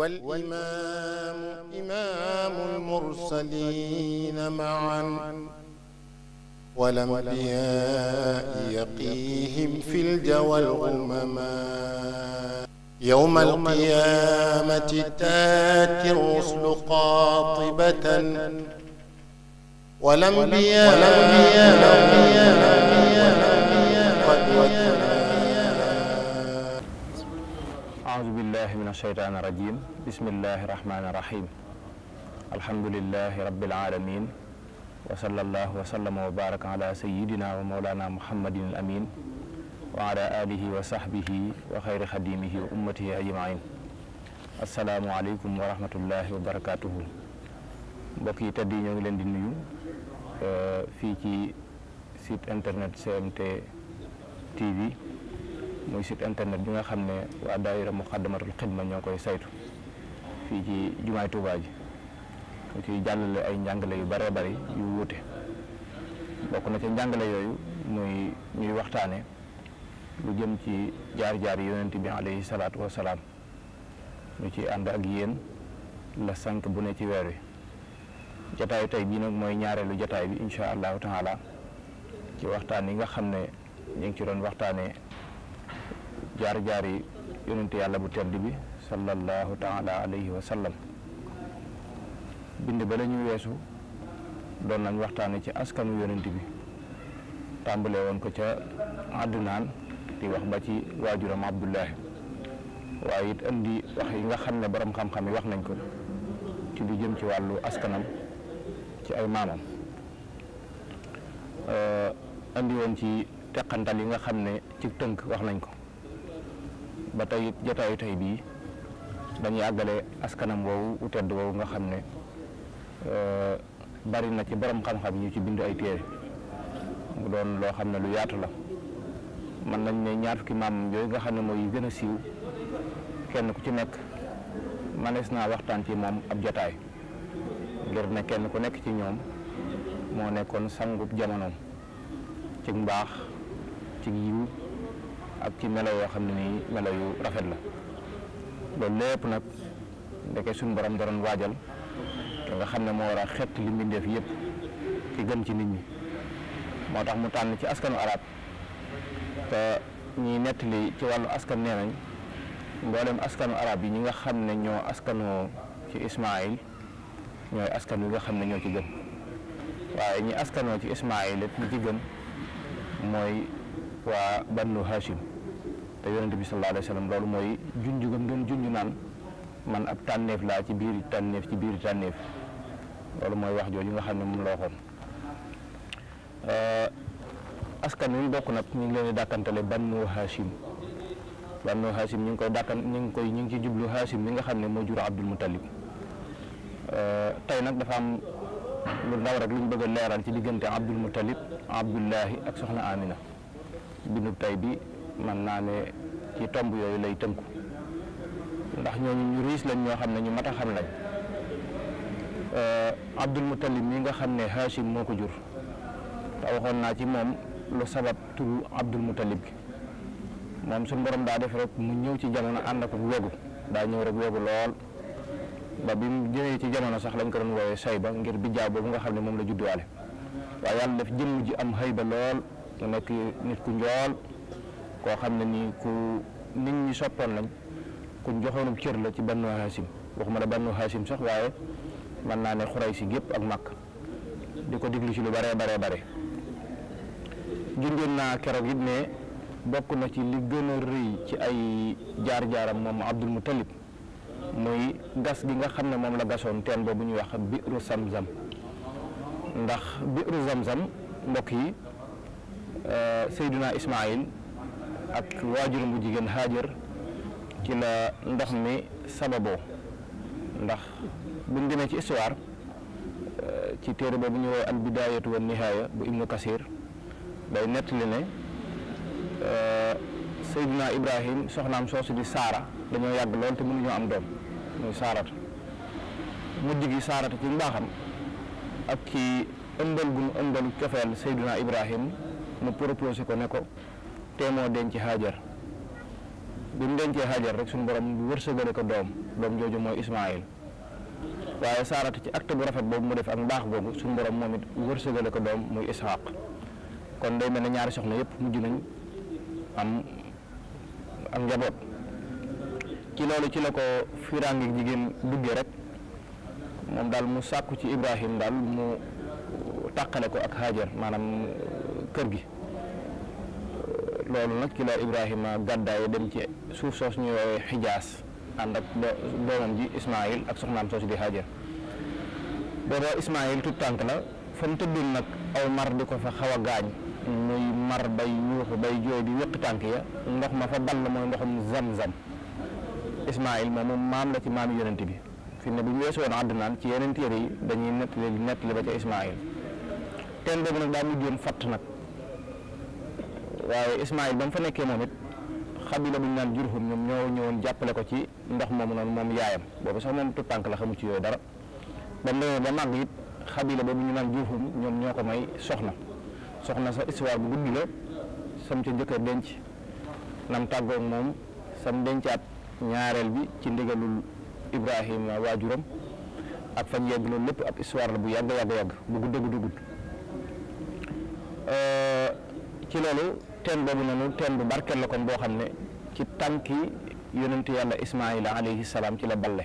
والإمام إمام المرسلين معا والأنبياء يقيهم في الجوى الغمما يوم القيامة تاتي الرسل قاطبة والأنبياء الشيطان الرجيم بسم الله الرحمن الرحيم الحمد لله رب العالمين وصلى الله وسلم وبارك على سيدنا ومولانا محمد الأمين وعلى آله وصحبه وخير خديمه وأمته أجمعين السلام عليكم ورحمة الله وبركاته mbokk yi tedd yi ñoo ngi leen di nuyu fii ci site internet GMT TV muy site internet bi nga xam ne waa daayira Muxaddamatul Xidma ñoo koy saytu fii ci jumaay Tuubaa ji mu ciy jàllale ay njàngale yu bëree bëri yu wuute bokk na ca njàngale yooyu muy ñuy waxtaane lu jëm ci jaar-jaar yonent bi alayhi salaatu wasalaam ñu ci ànd ak yéen la sànq bu ne ci weer wi jataayu tey bii nag mooy ñaareelu jataay bi incha allahu taala ci waxtaan yi nga xam ne ñu ngi ci doon waxtaanee jaar-jaar yi yonent yàlla bu tedd bi sallallahu taala alayhi wa sallam bind ba la weesu doon nañ waxtaane ci askanu yonent bi tàmbalee woon ko ca Adnaan di wax ba ci waajuram Abdullahi waaye it indi wax yi nga xam ne borom xam-xam yi wax nañ ko ci lu jëm ci wàllu askanam ci ay maamam indi woon ci teqantal yi nga xam ne ci tënk wax nañ ko ba tey jotaayu tey bii dañuy àggale askanam woowu u tedd woowu nga xam ne euh, bari na ci borom xam-xam ñu ci bind ay téere mu doon loo xam ne lu yaatu la mën nañ ne ñaar fukki maam yooyu nga xam ne mooy yi gën a siiw kenn ku ci nekk manees naa waxtaan ci moom ab jotaay ngir ne kenn ku nekk ci ñoom moo nekkoon sangu jamonoom ci mbaax ci yiw ak ci melo yoo xam ne nii melo yu rafet la loolu lépp nag ndeke suñu borom da doon waajal nga xam ne moo war a xett li mbindeef yëpp gën ci nit ñi moo tax mu tànn ci askanu arab te ñiy nettali ci wàllu askan nee nañ mboolem askanu arab yi ñi nga xam ne ñoo askanoo ci Ismaayil ñooy askan wi nga xam ne ñoo ci gën waaye ñi askanoo ci Ismaayil it ñi ci gën mooy waa Banu Hashim te yonente bi sallallahu alayhi wa loolu mooy junj gam doon junj naan man ab tànneef laa ci biir tànneef ci biir tànneef loolu mooy wax jooju nga xam ne moom la waxoon euh, askan wi ñu bokk nag ñu ngi leen dàkkantale Banu Hashim Banu ñu ngi koy dàkkan ñu ngi ñu ngi ci jublu Hashim mi nga xam ne moo jur Abdul Muttalib euh, tey nag dafa am lu ndaw rek lu ñu bëgg a leeral ci diggante Abdul Muttalib Abdullahi ak soxna Amina bindu tey bi man naa ne ci tomb yooyu lay tënku ndax ñooñu ñu riis lañ ñoo xam ne ñu mat a xam lañ euh, Abdul Muttalib mi nga xam ne Hachim moo ko jur te waxoon naa ci moom lu sabab turu Abdul Muttalib gi moom suñu borom daa def rek mu ñëw ci jamono ànd ak wegu daa ñëw rek wegu lool ba bi mu ñëwee ci jamono sax lañ ko doon woowee sayba ngir bijjaaw boobu nga xam ne moom la judduwaale waaye yàlla def jëmm ji am xëy lool mu nekk nit ku njool koo xam ne ni ku nit ñi soppoon lañ ku joxoonub cër la ci bannu Haasim waxuma la bannu Haasim sax waaye mën naa ne xuray si gépp ak màkk di ko diglu ci lu bare bare bare junjoon naa keroog it ne bokk na ci li gën a rëy ci ay jaar-jaaram moom Abdul Muttalib muy gas gi nga xam ne moom la gasoon teen boobu ñuy wax biiru Zamzam ndax biiru Zamzam mbokk yi euh, Seyduna Ismaayil ak waajur bu jigéen Hajar ci la ndox mi sababoo ndax buñ demee ci histoire euh, ci téere boobu ñu woowee al bidaayatu wa nihaaya bu ibnu kasir day nettali ne euh, Seydina Ibrahim soxnaam soosu di saara dañoo yàgg lool te mënuñoo am doom muy saarata mujj gi saarata ci mbaaxam ak ci ëmbal gu mu cofeel Seydina Ibrahim mu proposé ko ne ko te moo denc Hajar bi mu dencee Hajar rek suñu borom wërsëgale ko doom doom jooju mooy Ismaayil waaye saarata ci acte bu rafet boobu mu def ak mbaax boobu suñu borom moom it wërsëgale ko doom muy Isxaaq kon day mel ne ñaari soxna yëpp mujj nañ am ak njaboot ci loolu ci la ko firaange jigéen duggee rek moom daal mu sàkku ci Ibrahim daal mu tàqale ko ak Hajar maanaam kër gi loolu nag ci Ibrahima gàddaaye dem ci suuf soos ñuy woowee Xijaas ànd ak doomam ji Ismaayil ak soxnaam soos di Haajar booba Ismaayil tut tànk la fa mu tëddoon nag aw mar di ko fa xaw gaañ muy mar bay yuuxu bay jooy di wéqi tànk ya ndox ma fa ball mooy ndoxum zam-zam Ismaayil moomu maam la ci maami yonent bi fi ne bu ñu weesoon àddunaan ci yeneen yi dañuy nettali nettali ba ca Ismaayil teen boobu nag daa mujjoon fatt nag waaye Ismaïl ba mu fa nekkee moom it xabila bu ñu naan jurhum ñoom ñoo ñëwoon jàppale ko ci ndox moomu noonu moom yaayam boobu sax moom tànk la xamu ci yooyu dara ba mu demee ba màgg it xabila boobu ñu naan jurhum ñoom ñoo ko may soxna soxna sa histoire bu guddi la sam ca jëkkër denc nam tàggoog moom sam dencaat ñaareel bi ci ndigalul Ibrahima waajuram ak fañ yegg loolu lépp ab histoire la bu yàgg yàgg yàgg bu gudd gudd gudd euh, ci loolu teen boobu noonu teen bu barkeel la kon boo xam ne ci tànki yonentu yàlla ismaila alayhi salaam ci la balle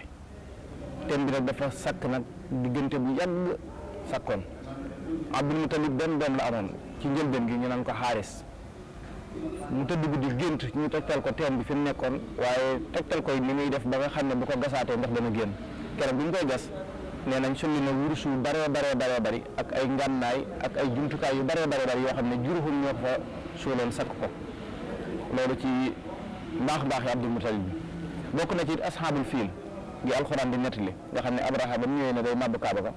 teen bi nag dafa sakk nag diggante bu yàgg sakkoon abdul mutalib benn doom la amoon ci njëlbeen gi ñu naan ko xaaris mu tëdd guddi gént ñu tegtal ko teen bi fi mu nekkoon waaye tegtal koy ni muy def ba nga xam ne bu ko gasaatee ndox dana génn keroog bu ñu koy gas nee nañ sulli na wurus yu baree baree baree bari ak ay ngànnaay ak ay jumtukaay yu baree baree bari yoo xam ne juruxum ñoo suuloon sakk ko loolu ci baax baax yi Abdul Mutalib bi bokk na ci asxaabul fiil gi alxuraan di nettali nga xam ne Abraha ba mu ñëwee ne day màbb Kaaba ga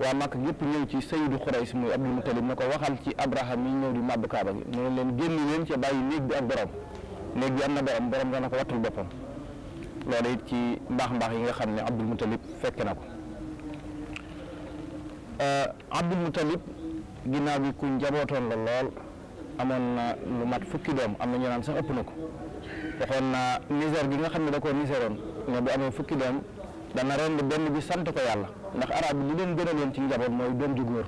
waa Màkk yëpp ñëw ci Sayyidu Xurays muy Abdul Mutalib na ko waxal ci Abraha mi ñëw di màbb Kaaba gi mu ne leen génn leen ca bàyyi néeg bi ak borom néeg bi am na borom borom dana ko wattul boppam loolu it ci mbaax mbaax yi nga xam ne Abdul Mutalib fekk na ko euh, Abdul Mutalib ginnaaw bi ku njabootoon amoon na lu mat fukki doom am na ñu sax ëpp na ko waxoon na misère gi nga xam ne da koo miséroon ne bu amee fukki doom dana rend benn bi sant ko yàlla ndax arab bi li leen gënaloon ci njaboot mooy doom ju góor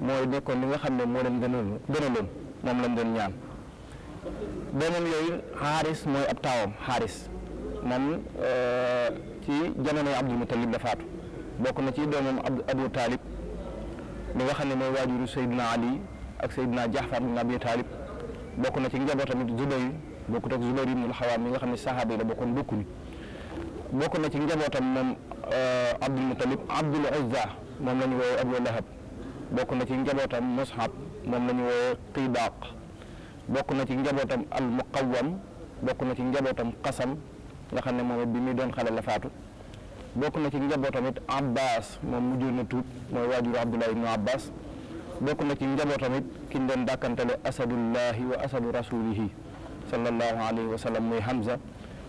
mooy nekkoon li nga xam ne moo leen gënaloon gënaloon moom lañ doon ñaan doomam yooyu xaaris mooy ab taawam xaaris moom euh, ci jamonoy Abdul Mutalib la faatu bokk na ci doomam Abu Talib li nga xam ne mooy waajuru Seydina Ali ak Seydina Jaxfar na Abi Taalib bokk na ci njaboot tamit Zubayr bokkut ak Zubayr ibnul Xawaam yi nga xam ne saxaaba yi la bokkoon bokkuñu bokk na ci njabootam moom euh, Abdul Mutalib Abdul Uzza moom la ñu woowee Abu Lahab bokk na ci njabootam Mus'ab moom lañu ñu woowee Tidaaq bokk na ci njabootam al Muqawwam bokk na ci njabootam Qasam nga xam ne moom bi muy doon xale la faatu bokk na ci njabootam it Abbas moom mujjoon na tuub mooy waajuru Abdullah ibnu Abbas bokk na ci njabootam it ki ñu doon dàkkantale asadullahi wa asadu rasulihi sallallahu alayhi wa sallam muy Hamza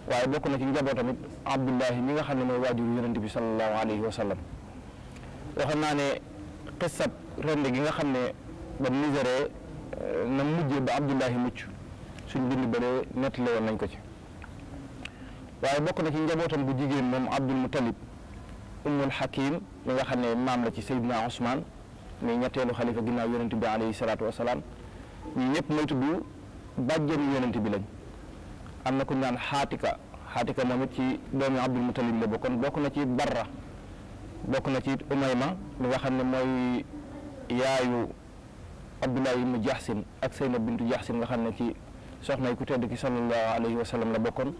waaye bokk na ci njabootam it Abdullahi mi nga xam ne mooy waajuru yonent bi sallallahu alayhi wa sallam naa ne xisab rend gi nga xam ne ba miséré eh, na mujjee ba Abdullahi mucc suñ bind bëlee nettali woon nañ ko ci waaye bokk na ci njabootam bu jigéen moom Abdul Mutalib Ummul Hakim mi nga xam ne maam la ci Seydina Ousmane muy ñetteelu xalifa ginnaaw yonent bi alayhi salaatu wasalaam ñu ñëpp may tudd bàjjenu yonent bi lañ am na ku ñu naan xaatika xaatika moom it ci doomi abdul mutalib la bokkoon bokk na ci barra bokk na ci umayma mi nga xam ne mooy yaayu abdullahi ibnu jaxsin ak sayna bintu jaxsin nga xam ne ci soxna yi ku tedd ki sallallahu alayhi wa la bokkoon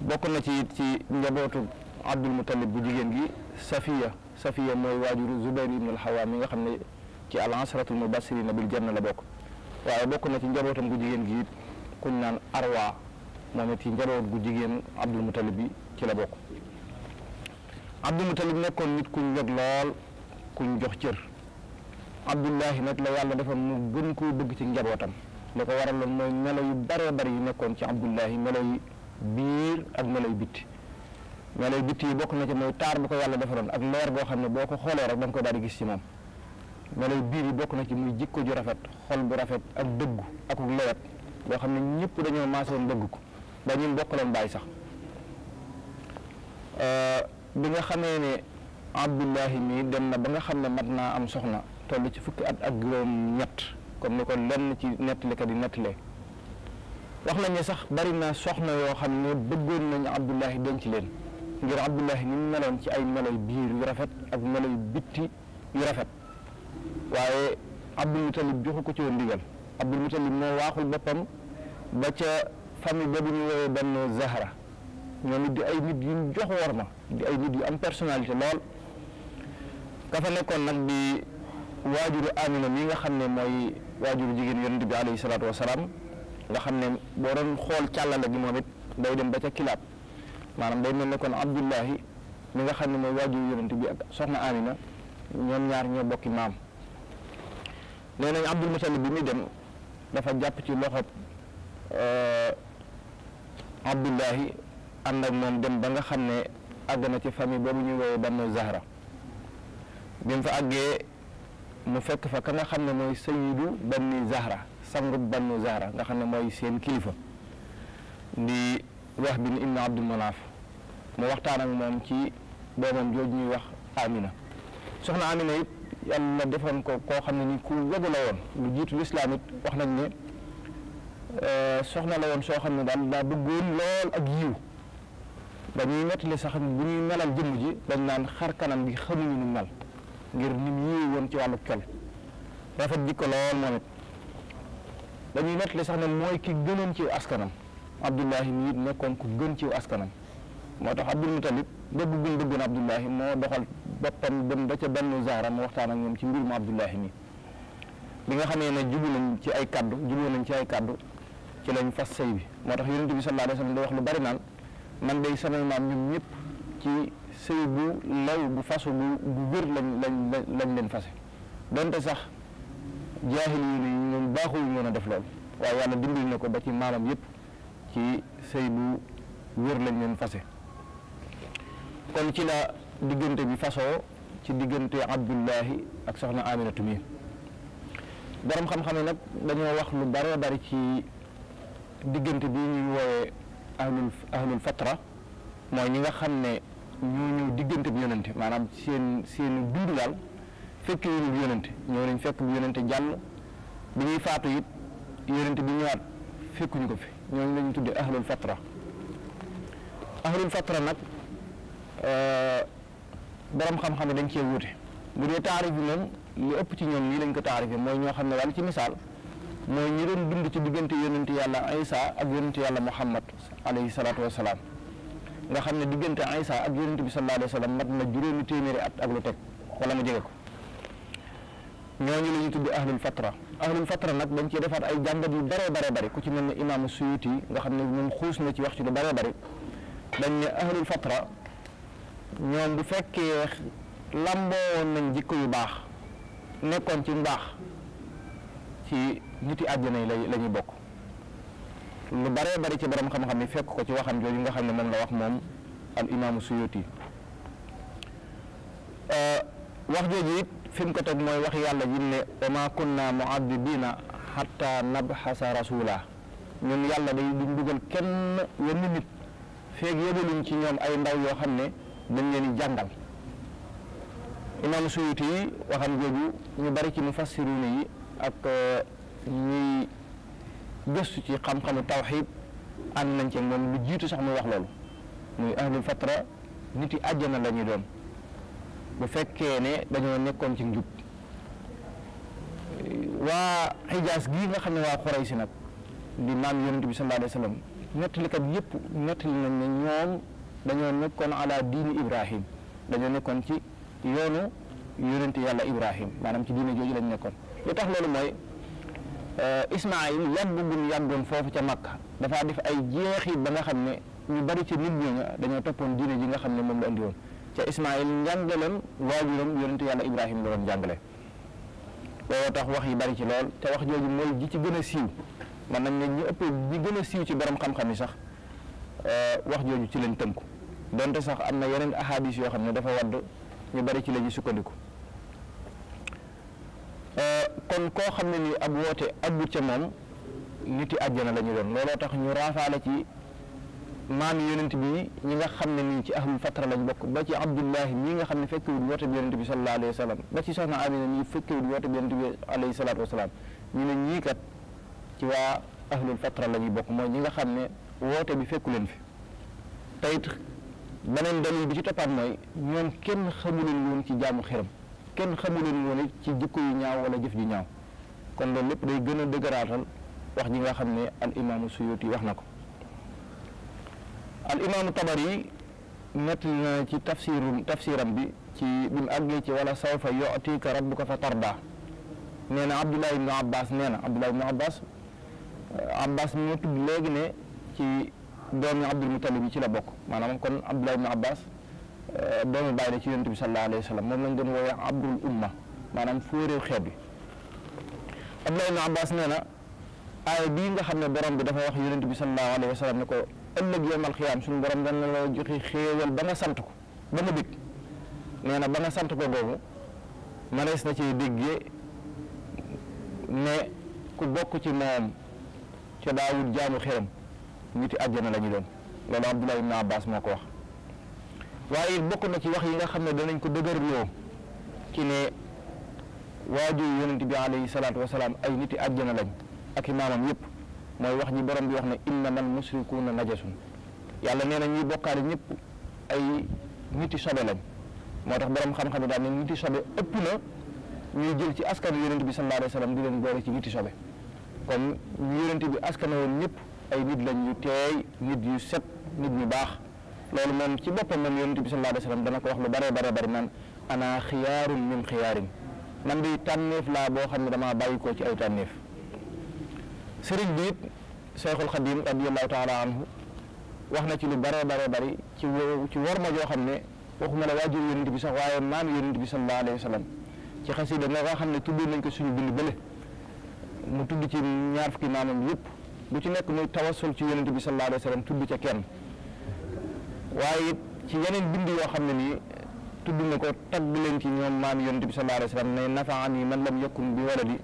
bokk na ci ci njabootu abdul mutalib bu jigéen gi safiya Safiya mooy waajuru Zubair ibn al-Xawaam mi nga xam ne ci al-asharatul mubashirina bil janna la bokk waaye bokk na ci njabootam gu jigéen gi it kuñ naan Arwa moom it ci njaboot gu jigéen Abdul Mutalib bi ci la bokk Abdul Mutalib nekkoon nit kuñ yëg lool kuñ jox cër Abdullahi nag la yàlla defoon mu gën koo bëgg ci njabootam li ko waraloon mooy melo yu baree bari yi nekkoon ci Abdullahi melo yi biir ak melo yu bitti. melay bitti yi bokk na ci mooy taar bu ko yàlla defaroon ak leer goo xam ne boo ko xoolee rek da nga ko daal di gis ci moom melay biir yi bokk na ci muy jikko ju rafet xol bu rafet ak dëggu ak lewet goo xam ne ñëpp dañoo maasoon bëgg ko ba ñun bokk leen bàyyi sax euh, bi nga xamee ne abdullahi mii dem na ba nga xam ne mat naa am soxna toll ci fukki at ak juróom ñett comme ni ko lenn ci nettalikat yi nettalee wax nañ ne sax bari na soxna yoo xam ne bëggoon nañu abdullahi denc leen ngir Abdullahi ni mu meloon ci ay meloy biir yu rafet ak meloy bitti yu rafet waaye Abdul Mutalib joxu ko ci woon ndigal Abdul Mutalib moo waaxul boppam ba ca famille ba bu ñu woowee benn Zahra ñoom it di ay nit yu jox war ma di ay nit yu am personnalité lool ka fa nekkoon nag di waajuru Amina mi nga xam ne mooy waajuru jigéen yonent bi alayhi salaatu wasalaam nga xam ne boo doon xool càllale gi moom it day dem ba ca kilaat maanaam day mel ne kon Abdullahi mi nga xam ne mooy waajur yonent bi ak soxna Amina ñoom ñaar ñoo bokki maam nee nañ Abdul Mutalib bi muy dem dafa jàpp ci loxob euh, Abdullahi ànd ak moom dem ba nga xam ne àgg na ci famille boobu ñuy woowee Banu Zahra bi mu fa àggee mu fekk fa ka nga xam ne mooy sayidu Banu Zahra sangu Banu Zahra nga xam ne mooy seen kilifa wax bin ibn abdul manaaf mu waxtaan ak moom ci doomam jooju ñuy wax amina soxna amina it yàlla defoon ko koo xam ne ni ku wegu la woon lu jiitu lislaam it wax nañ ne euh, soxna la woon soo xam ne daal daa bëggoon lool ak yiw dañuy nettali sax bu ñuy melal jëmm ji dañ naan xar kanam gi xamuñu nu mel ngir ni yiw woon ci wàllu col rafet jikko lool moom it dañuy nettali sax ne mooy kii gënoon ci askanam Abdullahi mi it nekkoon ku gën ci askanam moo tax Abdul Mutalib bëgg gun bëggoon Abdullahi moo doxal boppam dem ba ca benn zaara waxtaan ak ñoom ci mbir mu Abdullahi mi bi nga xamee ne jubu nañ ci ay kaddu juboo nañ ci ay kaddu ci lañ fas sëy bi moo tax yonent bi sallallahu alayhi wasallam day wax lu bari naan man day samay maam ñëpp ci sëy bu law bu fasu bu bu wér lañ lañ lañ leen fase donte sax jaahil yi ñoom baaxul ñu mën a def loolu waaye yàlla dimbali na ko ba ci maamam yëpp ci sëy bu wér lañ leen fase kon ci la diggante bi fasoo ci diggante Abdullahi ak soxna Aminatu mi borom xam-xam yi nag dañoo wax lu bare bari ci diggante bi ñuy woowee ahlul ahlul fatra mooy ñi nga xam ne ñoo ñëw diggante bi yonente maanaam seen seen dund daal fekk yu ñu yonente ñoo nañ fekk bu yonente jàll bi ñuy faatu it yonente bi ñëwaat fekkuñu ko fi ñoom lañu ñu tuddee ahlul fatra ahlul fatra nag euh, borom xam-xam dañ cee wuute bu ne taarif bi moom lu ëpp ci ñoom nii lañ ko taarifee mooy ñoo xam ne wàll ci misaal mooy ñi doon dund ci diggante yonent yàlla Isa ak yonent yàlla Muhammad alayhi salaatu wasalaam nga xam ne diggante Isa ak yonent bi sallallahu alayhi wa sallam na juróomi téeméeri at ak lu teg wala mu jege ko ñooñu la ñu tuddee ahlul fatra ahlul fatra nag dañ cee defaat ay jàngat yu bëree bare bëri ku ci mel ne imaamu suyuti nga xam ne moom xuus na ci wax ci lu bëree bëri dañ ne ahlul fatra ñoom bu fekkee lamboowoon nañ jikko yu baax nekkoon ci mbaax ci niti àjjana yi la ñuy bokk lu bëree bëri ci borom xam-xam yi fekk ko ci waxam jooju nga xam ne moom la wax moom al imaamu suyuti euh, wax jooju it fi ko teg mooy wax yàlla ji ne wa maa kunna mu'addibina hatta nabhasa rasula ñun yàlla day duñ dugal kenn yenn nit feeg yëgaluñ ci ñoom ay ndaw yoo xam ne dañ leen di jàngal imaam suyuti yi waxam jooju ñu bari ci mu mufassiruna yi ak eh, ñuy gëstu ci xam-xamu tawxid ànd nañ ci moom lu jiitu sax muy wax loolu muy ahlul fatra nit yi àjjana la ñu doon bu fekkee ne dañoo nekkoon ci njub waa xijaas gii nga xam ne waa xorey si nag di maam yonent bi sallallahu alayhi wa sallam nettalikat yëpp nettali nañ ne ñoom dañoo nekkoon ala diini Ibrahim dañoo nekkoon ci yoonu yonent yàlla Ibrahim maanaam ci diine jooju lañ nekkoon li tax loolu mooy euh, Ismaayil yàgg gun doon foofu ca Makka dafaa def ay jeexit ba nga xam ne ñu bari ci nit ñi nga dañoo toppoon diine ji nga xam ne moom la andi woon ca Ismaayil njàngaleem waajuram yonentu yàlla Ibrahima la doon jàngale looloo tax wax yi bari ci lool te wax jooju mooy ji ci gën a siiw man nañ ne ñu ëpp ñi gën a siiw ci borom xam-xam yi sax euh, wax jooju ci lañ tënku donte sax am na yeneen ahadis yoo xam ne dafa wadd ñu bari ci la ñu sukkandiku euh, kon koo xam ne ni ab woote agut ca moom niti àjjana la ñu doon looloo tax ñu raafaale ci maam yonent bi ñi nga xam ne nii ci ahlu fatra lañ bokk ba ci abdullahi mii nga xam ne fekkewul woote bi yonent bi sallallahu alayhi wa sallam ba ci soxna amina mii fekkewul woote bi yonent bi alayhi salaatu wasalaam ñu ne ñii kat ci waa ahlul fatra la ñuy bokk mooy ñi nga xam ne woote bi fekku leen fi te it beneen dalil bi ci toppaat mooy ñoom kenn xamuleen woon ci jaamu xiram kenn xamuleen woon ci jikko yu ñaaw wala jëf ju ñaaw kon loolu lépp day gën a dëgëraatal wax ji nga xam ne al imaamu suyuti wax na ko al imaamu tabari nett na ci tafsiru tafsiram bi ci bi mu àggee ci wala sawfa yu'tika rabbuka fa tarda nee na abdullah ibnu abbas nee na abdullah ibnu abbas abbas mi tudd léegi ne ci doomi abdul ci la bokk maanaam kon abdullah ibnu abbas eh, doomu bàyyi la ci yonent bi sallallahu alayhi wa sallam moom lañ doon woowee abdul umma maanaam fóoréew xeet nee na aaya bii nga xam ne borom bi dafa wax yonent bi sallallahu alayhi wa sallam ko ëllëg yowmal xiyaam suñu borom dana la joxe xéewal ba nga sant ko ba nga dégg nee na ba nga sant ko googu mënees na ciy déggee ne ku bokk ci moom ca daawut jaanu xeram niti àjjana la ñu doon loolu Abdullah ibn Abbas moo ko wax waaye it bokk na ci wax yi nga xam ne danañ ko dëgërloo ci ne waajur yonent bi alayhi salaatu wasalaam ay niti àjjana lañ ak imaamam yëpp mooy wax ji borom bi wax ne innamal musrikuuna najasun yàlla nee na ñuy bokkaale ñëpp ay niti sobe lañ moo tax borom xam-xam yi daal ne niti sobe ëpp na ñuy jël ci askan yonent bi sallallahu alayhi wa sallam di leen boole ci niti sobe kon yonent bi askan woon ñëpp ay nit lañ yu teey nit yu set nit ñu baax loolu moom ci boppam moom yonent bi sallallahu alayhi wa sallam dana ko wax lu bare bare bari naan ana xiyaarum min xiyaarin man di tànneef laa boo xam ne damaa bàyyi ko ci ay tànneef sëriñ bi it Cheikhul Khadim radiyallahu taala anhu wax na ci lu bare bare bari ci ci warma joo xam ne waxuma la waajur yonent bi sax waaye maam yonent bi sallallahu alayhi wa sallam ci xasida nga xam ne tudd nañ ko suñu bind bële mu tudd ci ñaar fukki maamam yëpp bu ci nekk muy tawassul ci yonent bi sallallahu alayhi wa sallam tudd ca kenn waaye it ci yeneen bind yoo xam ne nii tudd na ko tagg leen ci ñoom maam yonent bi sallallahu alayhi wa sallam ne nafaani man lam yakun bi waladi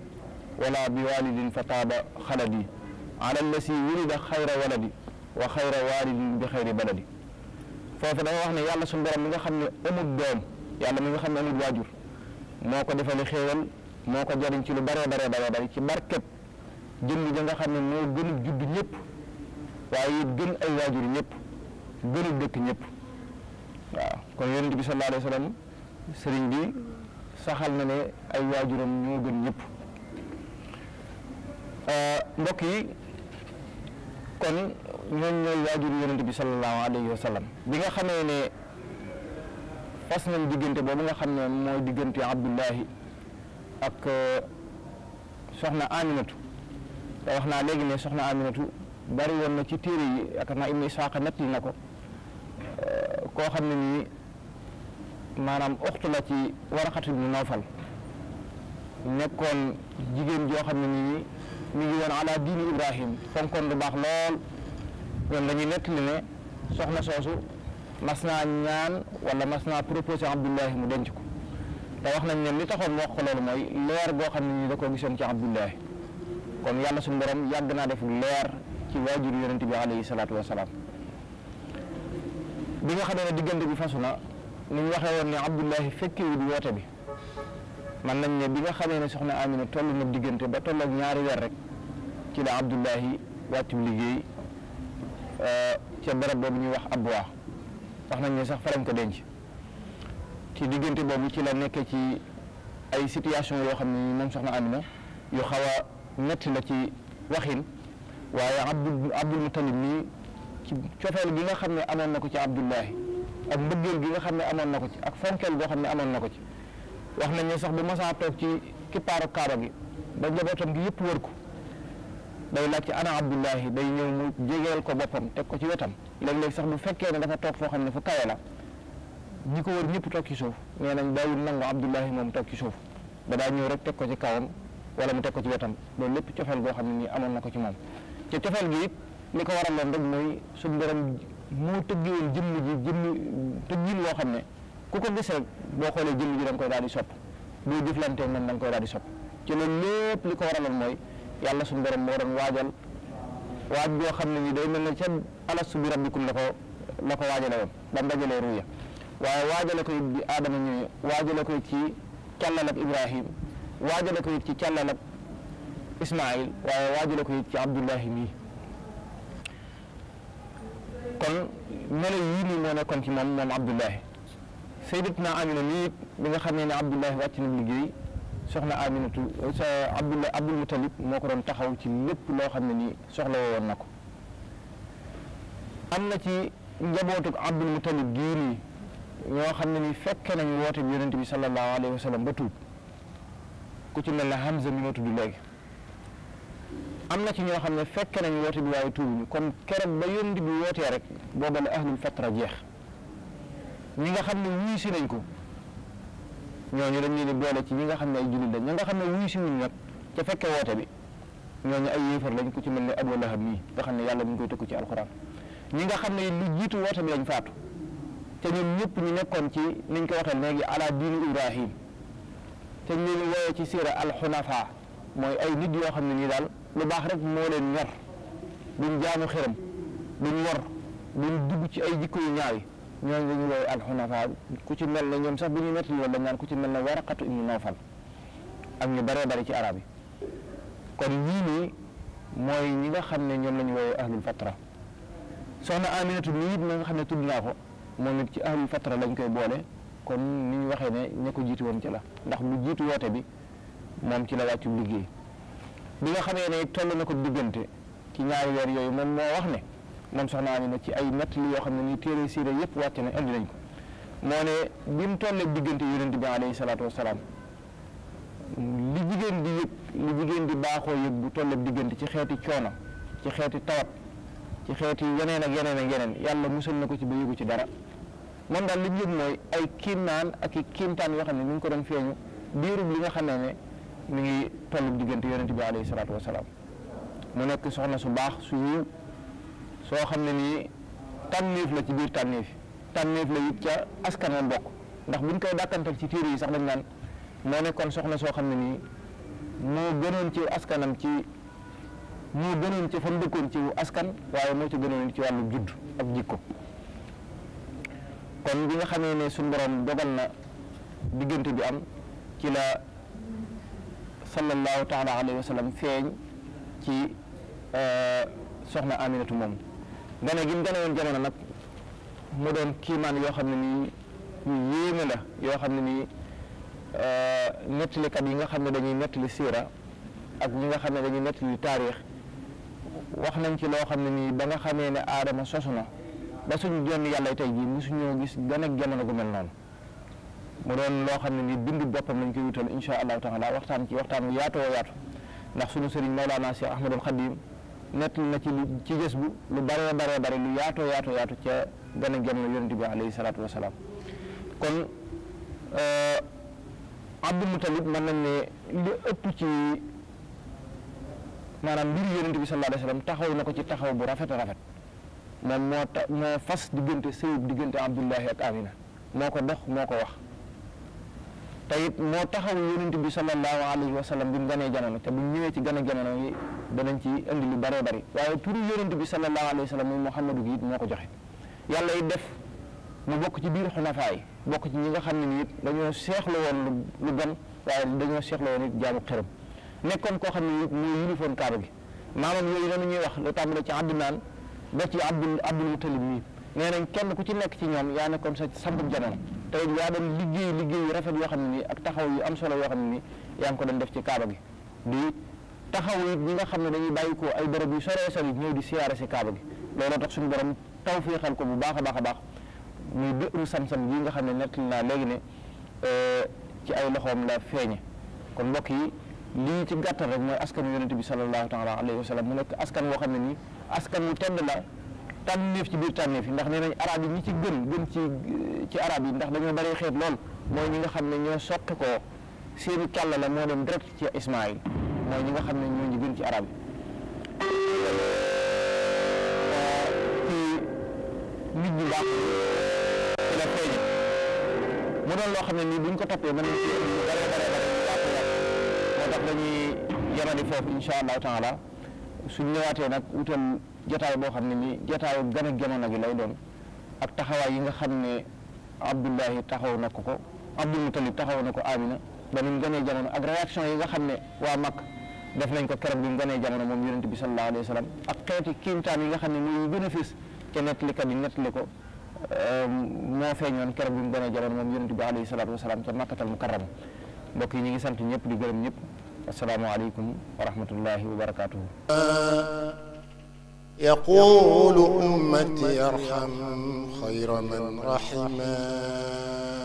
wala bi walidin fa taaba xaladi ala lasi wulida xayra waladi wa xayra walidin bi xayri baladi foofu dafa wax ne yàlla su borom mi nga xam ne amul doom yàlla mi nga xam ne amul waajur moo ko defali xéewal moo ko jariñ ci lu bare bare bare bare ci barkeb jëmm ja nga xam ne moo gënub judd ñëpp waaye it gën ay waajur ñëpp gënub dëkk ñëpp waaw kon yonent bi sallallahu alayhi saxal na ne ay waajuram ñoo gën ñëpp Euh, mbokk yi kon ñooñ ñooy waajur yonent bi sallallahu alayhi wa bi nga xamee ne fas nañ diggante boobu nga xam ne mooy diggante Abdullahi ak euh, soxna Aminatu te wax naa léegi ne soxna Aminatu bari woon na ci téere yi yaakaar naa Ibnu Isaaqa nettali na ko euh, koo xam ne nii maanaam oxtu la ci Waraqatu mu Nawfal nekkoon jigéen joo xam ne nii mi ngi woon ala diini Ibrahim fonkoon lu baax lool loolu dañuy nettali ne soxna soosu mas naa ñaan wala mas naa proposé Abdullahi mu denc ko te wax nañ ne li taxoon wax ko loolu mooy leer goo xam ne ni da koo gisoon ci Abdullahi kon yàlla suñu borom yàgg naa def leer ci waajur yonente bi alayhi salaatu wa bi nga xamee ne diggante bi fasu na ni ñu waxee woon ne Abdullahi fekkewul woote bi. man nañ ne bi nga xamee ne soxna Amina toll na diggante ba tolloog ñaari weer rek ci la Abdullahi wàccum liggéey euh, ca barab boobu ñuy wax Abwa wax nañ ne sax fa ko denc ci diggante boobu ci la nekkee ci ay situation yoo xam ne moom soxna Amina yu xaw a métti la ci waxin waaye Abdul Abdul Mutalib nii ci cofeel gi nga xam ne amoon na ko ci Abdullahi ak mbëggeel gi nga xam ne amoon na ko ci ak fonkeel goo xam ne amoon na ko ci. wax na ne sax bu masaa toog ci kippaaru kaaba gi ba njabootam gi yëpp wër ko day laaj ci ana abdullahi day ñëw mu jegeel ko boppam teg ko ci wetam léeg-léeg sax bu fekkee ne dafa toog foo xam ne fu kawe la ñi ko wër ñëpp toog ci suuf nee nañ daawul nangu abdullahi moom toog suuf da ñëw rek teg ko ci kawam wala mu ko ci wetam loolu lépp cofeel goo xam ne nii amoon na ko ci moom ci cofeel gi it li ko waraloon rek mooy suñu borom moo tëggiwoon jëmm ji jëmm tëggin loo xam ne ku ko gis rek boo xoolee jëmm ji da koy daal di sopp boo jëflantee man da koy daal di sopp ci loolu lépp li ko waraloon mooy yàlla suñu borom moo doon waajal waaj boo xam ne nii day mel ne ca alastu rabbikum la ko la ko waajale woon ba mu dajalee ruya waaye waajale ko it bi aadama ñëwee waajale ko it ci càllal ak ibrahim waajale ko it ci càllal ak ismail waaye waajale ko it ci abdullahi mii kon melo yii nii moo nekkoon ci moom moom abdullahi sayyidatuna Amina mii bi nga xam ne Abdullahi wàcc ni liggéey soxna Aminatu sa Abdullah Abdul Mutalib moo ko doon taxaw ci lépp loo xam ne nii soxla woon na ko am na ci njabootuk Abdul Mutalib gii nii ñoo xam ne ni fekke nañ woote bi yonente bi sallallahu alayhi wa sallam ba ku ci ne Hamza mi ma tudd am na ci ñoo xam ne fekke nañ woote bi waaye tuubuñu kon keroog ba yonente bi wootee rek boobale ahlul fatra jeex ñi nga xam ne wuyu si nañ ko ñooñu dañ leen di boole ci ñi nga xam ne ay jullit lañ ña nga xam ne wuyu si wuñ nag ca fekke woote bi ñooñu ay yéefar lañ ko ci mel ne Abu Lahab mii nga xam ne yàlla mi ngi koy tëkku ci alxuraan ñi nga xam ne lu jiitu woote bi faatu te ñoom ñëpp ñu nekkoon ci niñ ko waxee léegi ala diinu Ibrahim te ñu woowee ci siira alxunafa mooy ay nit yoo xam ne nii daal lu baax rek moo leen ñor duñ jaamu xërëm duñ wor duñ dugg ci ay jikko yu ñaaw ñooñu dañu wooy alxunafa ku ci mel na ñoom sax bu ñu nettali woon naan ku ci mel ne waraqatu ibnu nawfal ak ñu bëree bëri ci arab yi kon ñii nii mooy ñi nga xam ne ñoom lañu ñu wooyee ahlul fatra soxna aminatu mi it ma nga xam ne tudd naa ko moom it ci ahlul fatra lañ koy boole kon ni ñu waxee ne ñu ko jiitu woon ci la ndax lu jiitu woote bi moom ci la wàccu liggéey bi nga xamee ne toll na ko diggante ci ñaari weer yooyu moom moo wax ne moom soxna Amina ci ay nett yoo xam ne ni téere siire yëpp wàcc na indi nañ ko moo ne bi mu tollee diggante yonent bi alayhi salaatu wasalaam li jigéen di yëg li jigéen di baaxoo yëg bu tollee diggante ci xeeti coono ci xeeti tawat ci xeeti yeneen ak yeneen ak yeneen yàlla musal na ko ci ba ci dara moom daal li mu ay kiimaan ak i yoo xam ne mi ngi ko doon feeñu diirub li nga xam ne mi ngi tollu diggante yonent bi alayhi salaatu wasalaam nekk soxna su baax su yiw soo xam ne nii tànneef la ci biir tànneef tànneef la it ca askan wa bokk ndax buñ koy dàkkantal ci tiir yi sax dañ naan moo nekkoon soxna soo xam ne nii moo gënoon ci askanam ci moo gënoon ci fan ci askan waaye moo ci gënoon ci wàllu judd ak jikko kon bi nga xamee ne suñ borom dogal na diggante bi am ci la sallallahu taala alayhi wa sallam feeñ ci euh, soxna Aminatu moom gane gi mu gane woon nag mu doon kiimaan yoo xam ne nii yu yéeme la yoo xam ne nii euh, nettalikat yi nga xam ne dañuy nettali siira ak ñi nga xam ne dañuy nettali taarix wax nañ ci loo xam ne nii ba nga xamee ne aadama sosu na ba suñu jonn yàlla tey jii mu mosuñoo gis gane ak jamono gu mel noonu mu doon loo xam ne nii bindu boppam lañ koy wutal insha allahu taala waxtaan ci waxtaan bu yaatoo yaatu ndax suñu sëriñ Mawlaana Cheikh Ahmadul Xadim nett na ci ci gës bu lu bare bare bare lu yaato yaato yaatu ca gën a jamono yonent bi alayhi salaatu wasalaam kon euh, Abdul Mutalib man na ne li ëpp ci maanaam mbir yonent bi sallallahu alayhi wasallam taxaw na ko ci taxaw bu rafet a rafet moom moo ta moo fas diggante sëyub diggante Abdullahi ak Amina moo ko dox moo ko wax te it moo taxaw yonent bi sallallahu alayhi wasallam bi mu gënee jamono te bu ñëwee ci gën a jamono danañ ci indi lu bëree bëri waaye turu yonent bi sallallahu alayhi wa sallam muy Muhammadu gi it moo ko joxe yàlla it def mu bokk ci biir xunafaa yi bokk ci ñi nga xam ne nii dañoo seexlu woon lu bon waaye dañoo seexlu woon it jaamu xërëm nekkoon koo xam ne it mooy yilifoon kaaba gi maamam yooyu noonu ñuy wax lu tàmbale ci Adnaan ba ci Abdul Abdul Mutalib mii nee nañ kenn ku ci nekk ci ñoom yaa nekkoon sa sambub janan te yaa doon liggéey liggéey yu rafet yoo xam ne nii ak taxaw yu am solo yoo xam ne nii yaa ngi def ci kaaba gi taxaw it ñi nga xam ne dañuy bàyyikoo ay bërëb yu soree sori ñëw di siyaare si kaaba gi looloo tax suñu borom taw féexal ko bu baax a baax a baax muy dëru sam-sam yi nga xam ne nettali naa léegi ne euh, ci ay loxoom la feeñe kon mbokk yi lii ci gàttal rek mooy askan askanu yonente bi sallallahu taala alayhi wa sallam mu nekk askan woo xam ne nii askan wu tedd la tànneef ci biir tànneef yi ndax ne nañ arab yi ñi ci gën gën ci ci arab yi ndax dañoo bëree xeet lool mooy ñi nga xam ne ñoo sotti ko seeni càll la moo dem direct ci Ismaayil mooy ñi nga xam ne ñu ngi gën ci arab yi nit ñi mu doon loo xam ne nii buñ ko toppee mën na ci bare bare bare baax la moo tax dañuy yemani suñ ñëwaatee nag wutal jataay boo xam ne nii jataayu gën a jamono gi lay doon ak taxawaay yi nga xam ne abdullahi taxaw na ko ko abdul mutalib taxaw na ko amina ba nu mu gënee jamono ak réaction yi nga xam ne waa mag def nañ ko keroog bi mu gënee jamono moom yonent bi sallallahu alayhi wa sallam ak xeeti kiimtaan yi nga xam ne mooy yu gën a fés ca ko euh, moo feeñoon keroog bi mu gënee jamono moom yonent bi alayhi salaatu wa salaam ca makkatal mukarram mbokk yi ñu ngi sant ñëpp di gërëm ñëpp asalaamaaleykum wa rahmatullahi wa barakaatuhu. yaqulu ummati arham xayra man rahima.